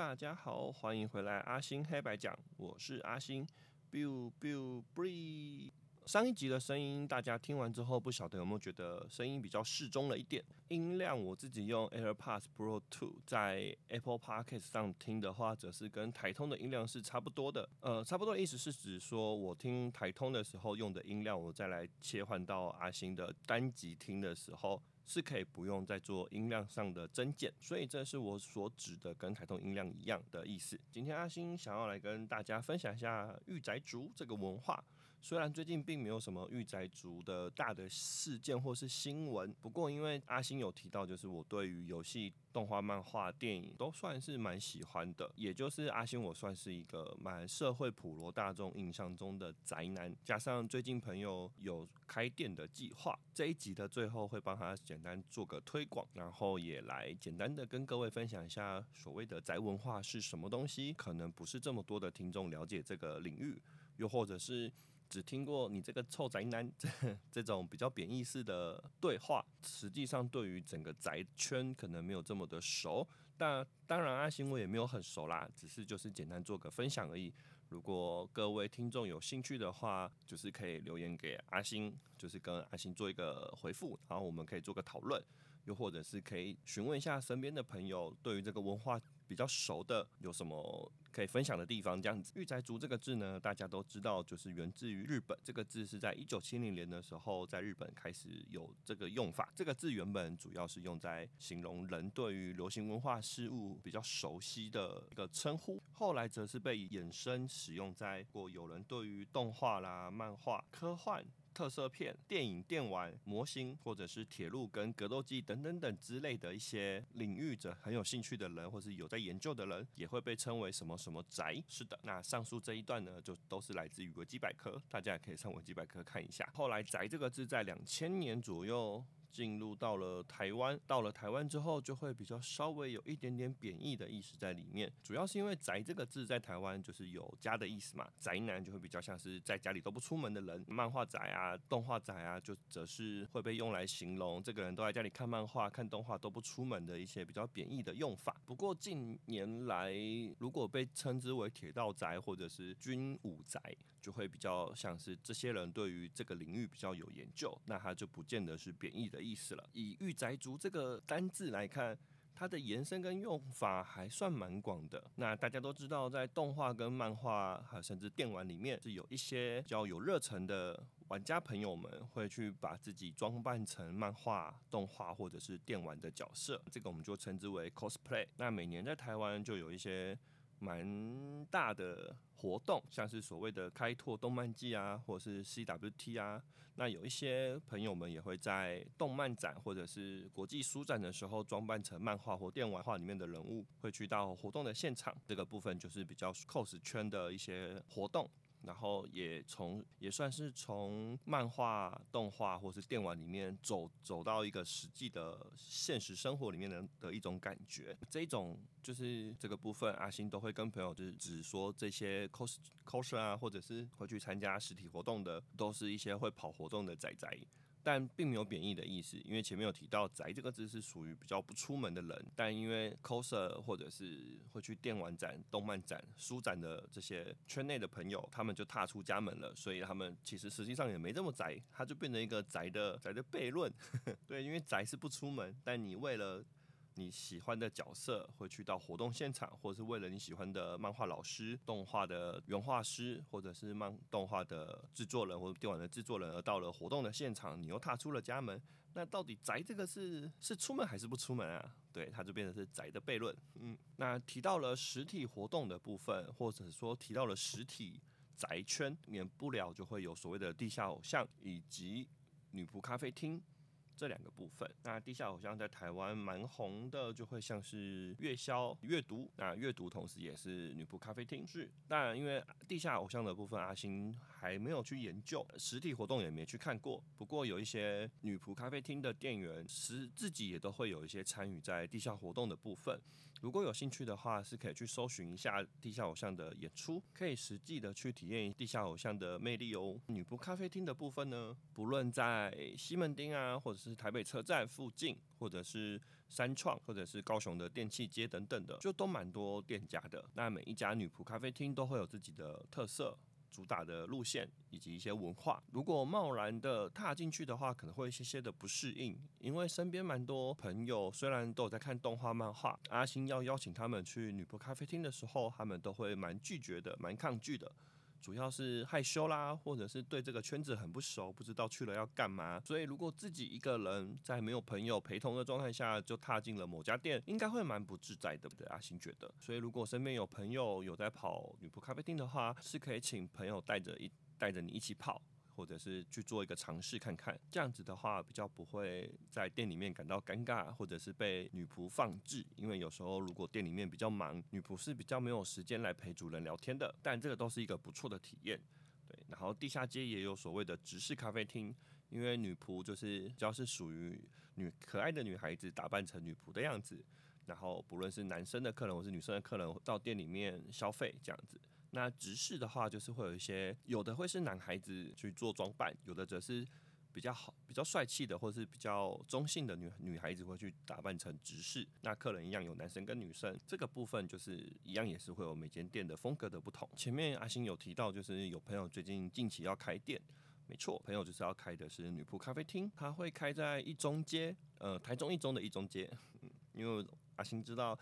大家好，歡迎回來阿星黑白講，我是阿星，biu biu biu。上一集的聲音，大家聽完之後，不曉得有沒有覺得聲音比較適中了一點？音量我自己用 AirPods Pro 2在 Apple Podcast 上聽的話，則是跟台通的音量是差不多的。呃，差不多的意思是指說我聽台通的時候用的音量，我再來切換到阿星的單集聽的時候。是可以不用再做音量上的增減，所以這是我所指的跟台通音量一樣的意思。今天阿星想要來跟大家分享一下御宅族這個文化。雖然最近並沒有什麼御宅族的大的事件或是新聞，不過因為阿星有提到，就是我對於遊戲、動畫、漫畫、電影都算是蠻喜歡的。也就是阿星，我算是一個蠻社會普羅大眾印象中的宅男。加上最近朋友有開店的計劃，這一集的最後會幫他簡單做個推廣，然後也來簡單的跟各位分享一下所謂的宅文化是什麼東西。可能不是這麼多的聽眾了解這個領域，又或者是……只聽過你這個臭宅男這這種比較貶義式的對話，實際上對於整個宅圈可能沒有這麼的熟。但當然阿星我也沒有很熟啦，只是就是簡單做個分享而已。如果各位聽眾有興趣的話，就是可以留言給阿星，就是跟阿星做一個回復，然後我們可以做個討論，又或者是可以詢問一下身邊的朋友，對於這個文化。比較熟的有什麼可以分享的地方？這樣子。御宅族這個字呢，大家都知道，就是源自於日本。這個字是在一九七零年的時候，在日本開始有這個用法。這個字原本主要是用在形容人對於流行文化事物比較熟悉的一個稱呼，後來則是被衍生使用在，如果有人對於動畫啦、漫畫、科幻。特色片、電影、電玩、模型，或者是鐵路跟格鬥技等等等之類的一些領域者很有興趣的人，或是有在研究的人，也會被稱為什麼什麼宅？是的，那上述這一段呢，就都是來自於維基百科，大家也可以上維基百科看一下。後來“宅”這個字在兩千年左右。進入到了台灣，到了台灣之後就會比較稍微有一點點貶義的意思在裡面。主要是因為“宅”這個字在台灣就是有家的意思嘛，宅男就會比較像是在家裡都不出門的人，漫畫宅啊、動畫宅啊，就則是會被用來形容這個人都在家裡看漫畫、看動畫都不出門的一些比較貶義的用法。不過近年來，如果被稱之為“鐵道宅”或者是“軍武宅”，就會比較像是這些人對於這個領域比較有研究，那他就不見得是貶義的的意思了。以御宅族這個單字來看，它的延伸跟用法還算蠻廣的。那大家都知道，在動畫跟漫畫，還有甚至電玩裡面，是有一些比較有熱忱的玩家朋友們，會去把自己裝扮成漫畫、動畫或者是電玩的角色。這個我們就稱之為 cosplay。那每年在台灣就有一些蠻大的。活動像是所謂的開拓動漫祭啊，或者是 CWT 啊，那有一些朋友們也會在動漫展或者是國際書展的時候裝扮成漫畫或電玩畫裡面的人物，會去到活動的現場。這個部分就是比較 cos 圈的一些活動。然後也從也算是從漫畫、動畫或是電玩裡面走走到一個實際的現實生活裡面的的一種感覺，這一種就是這個部分阿星都會跟朋友就是只說這些 cos coser 啊，或者是會去參加實體活動的，都是一些會跑活動的宅宅。但並沒有貶義的意思，因為前面有提到“宅”這個字是屬於比較不出門的人。但因為 coser 或者是會去電玩展、動漫展、書展的這些圈內的朋友，他們就踏出家門了，所以他們其實實際上也沒這麼宅，他就變成一個宅的宅的悖論呵呵。對，因為宅是不出門，但你為了你喜歡的角色，會去到活動現場，或者是為了你喜歡的漫畫老師、動畫的原畫師，或者是漫動畫的制作人，或者電玩的製作人而到了活動的現場，你又踏出了家門，那到底宅這個是是出門還是不出門啊？對，它就變成是宅的悖論。嗯，那提到了實體活動的部分，或者說提到了實體宅圈，免不了就會有所謂的地下偶像以及女僕咖啡廳。這兩個部分，那地下偶像在台灣蠻紅的，就會像是月宵、月讀，那月讀同時也是女僕咖啡廳是。但因為地下偶像的部分，阿星還沒有去研究，實體活動也沒去看過。不過，有一些女僕咖啡廳的店員，實自己也都會有一些參與在地下活動的部分。如果有興趣的話，是可以去搜尋一下地下偶像的演出，可以實際的去體驗地下偶像的魅力哦。女僕咖啡廳的部分呢，不論在西門町啊，或者是台北車站附近，或者是三創，或者是高雄的電器街等等的，就都蠻多店家的。那每一家女僕咖啡廳都會有自己的特色，主打的路線以及一些文化。如果貿然的踏進去的話，可能會有一些些的不適應，因為身邊蠻多朋友雖然都有在看動畫漫畫，阿星要邀請他們去女僕咖啡廳的時候，他們都會蠻拒絕的，蠻抗拒的。主要是害羞啦，或者是對這個圈子很不熟，不知道去了要幹嘛。所以如果自己一個人在沒有朋友陪同的狀態下就踏進了某家店，應該會蠻不自在的，對不對？阿星覺得。所以如果身邊有朋友有在跑女僕咖啡廳的話，是可以請朋友帶着一帶着你一起跑。或者是去做一個嘗試看看，這樣子的話比較不會在店裡面感到尷尬，或者是被女僕放置。因為有時候如果店裡面比較忙，女僕是比較沒有時間來陪主人聊天的。但這個都是一個不錯的體驗，對。然後地下街也有所謂的執事咖啡廳，因為女僕就是只要是屬於女可愛的女孩子打扮成女僕的樣子，然後不論是男生的客人或是女生的客人到店裡面消費這樣子。那執事的話，就是會有一些，有的會是男孩子去做裝扮，有的則是比較好、比較帥氣的，或是比較中性的女女孩子會去打扮成執事。那客人一樣有男生跟女生，這個部分就是一樣也是會有每間店的風格的不同。前面阿星有提到，就是有朋友最近近期要開店。沒錯，朋友就是要開的是女僕咖啡廳，他會開在一中街，呃，台中一中的一中街，因為阿星知道。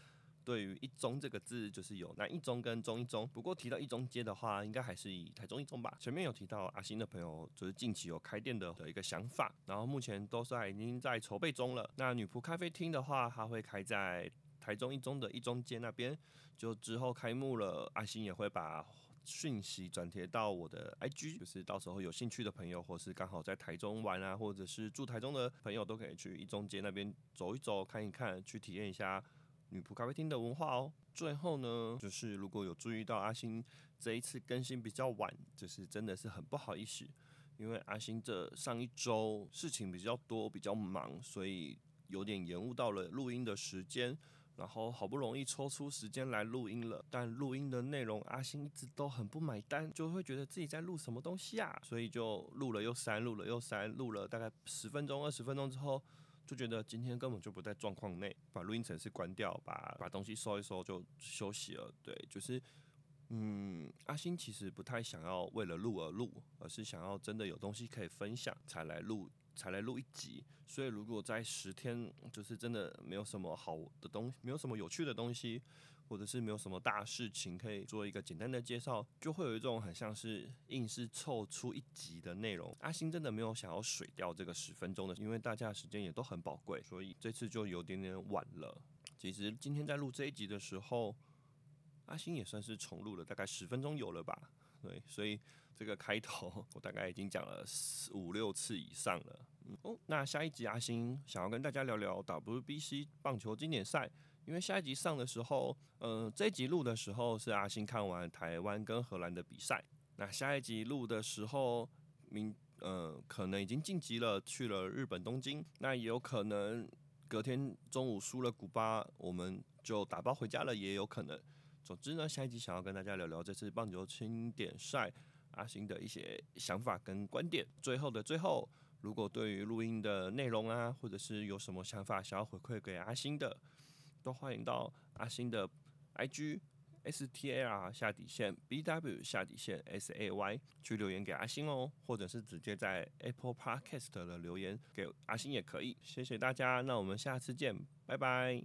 對於一中這個字，就是有南一中跟中一中。不過提到一中街的話，應該還是以台中一中吧。前面有提到阿星的朋友，就是近期有開店的的一個想法，然後目前都是已經在籌備中了。那女僕咖啡廳的話，它會開在台中一中的一中街那邊，就之後開幕了，阿星也會把訊息轉貼到我的 IG，就是到時候有興趣的朋友，或是剛好在台中玩啊，或者是住台中的朋友，都可以去一中街那邊走一走，看一看，去體驗一下。女僕咖啡廳的文化哦。最後呢，就是如果有注意到阿星這一次更新比較晚，就是真的是很不好意思，因為阿星這上一周事情比較多，比較忙，所以有點延誤到了錄音的時間。然後好不容易抽出時間來錄音了，但錄音的內容阿星一直都很不買單，就會覺得自己在錄什麼東西啊，所以就錄了又刪，錄了又刪，錄了大概十分鐘、二十分鐘之後。就覺得今天根本就不在狀況內，把錄音程式關掉，把把東西收一收就休息了。對，就是嗯，阿星其實不太想要為了錄而錄，而是想要真的有東西可以分享才來錄，才來錄一集。所以如果在十天就是真的沒有什麼好的東西，沒有什麼有趣的東西，或者是沒有什麼大事情，可以做一個簡單的介紹，就會有一種很像是硬是湊出一集的內容。阿星真的沒有想要水掉這個十分鐘的，因為大家的時間也都很寶貴，所以這次就有點點晚了。其實今天在錄這一集的時候，阿星也算是重錄了，大概十分鐘有了吧。對，所以這個開頭我大概已經講了四五六次以上了。嗯，哦，那下一集阿星想要跟大家聊聊 WBC 棒球經典賽。因為下一集上的時候，嗯、呃，這一集錄的時候是阿星看完台灣跟荷蘭的比賽。那下一集錄的時候，明，呃，可能已經晉級了，去了日本東京。那也有可能隔天中午輸了古巴，我們就打包回家了，也有可能。總之呢，下一集想要跟大家聊聊這次棒球經典賽阿星的一些想法跟觀點。最後的最後，如果對於錄音的內容啊，或者是有什麼想法想要回饋給阿星的。都歡迎到阿星的 I G S T A R 下底線 B W 下底線 S A Y 去留言給阿星哦，或者是直接在 Apple Podcast 的留言給阿星也可以。謝謝大家，那我們下次見，拜拜。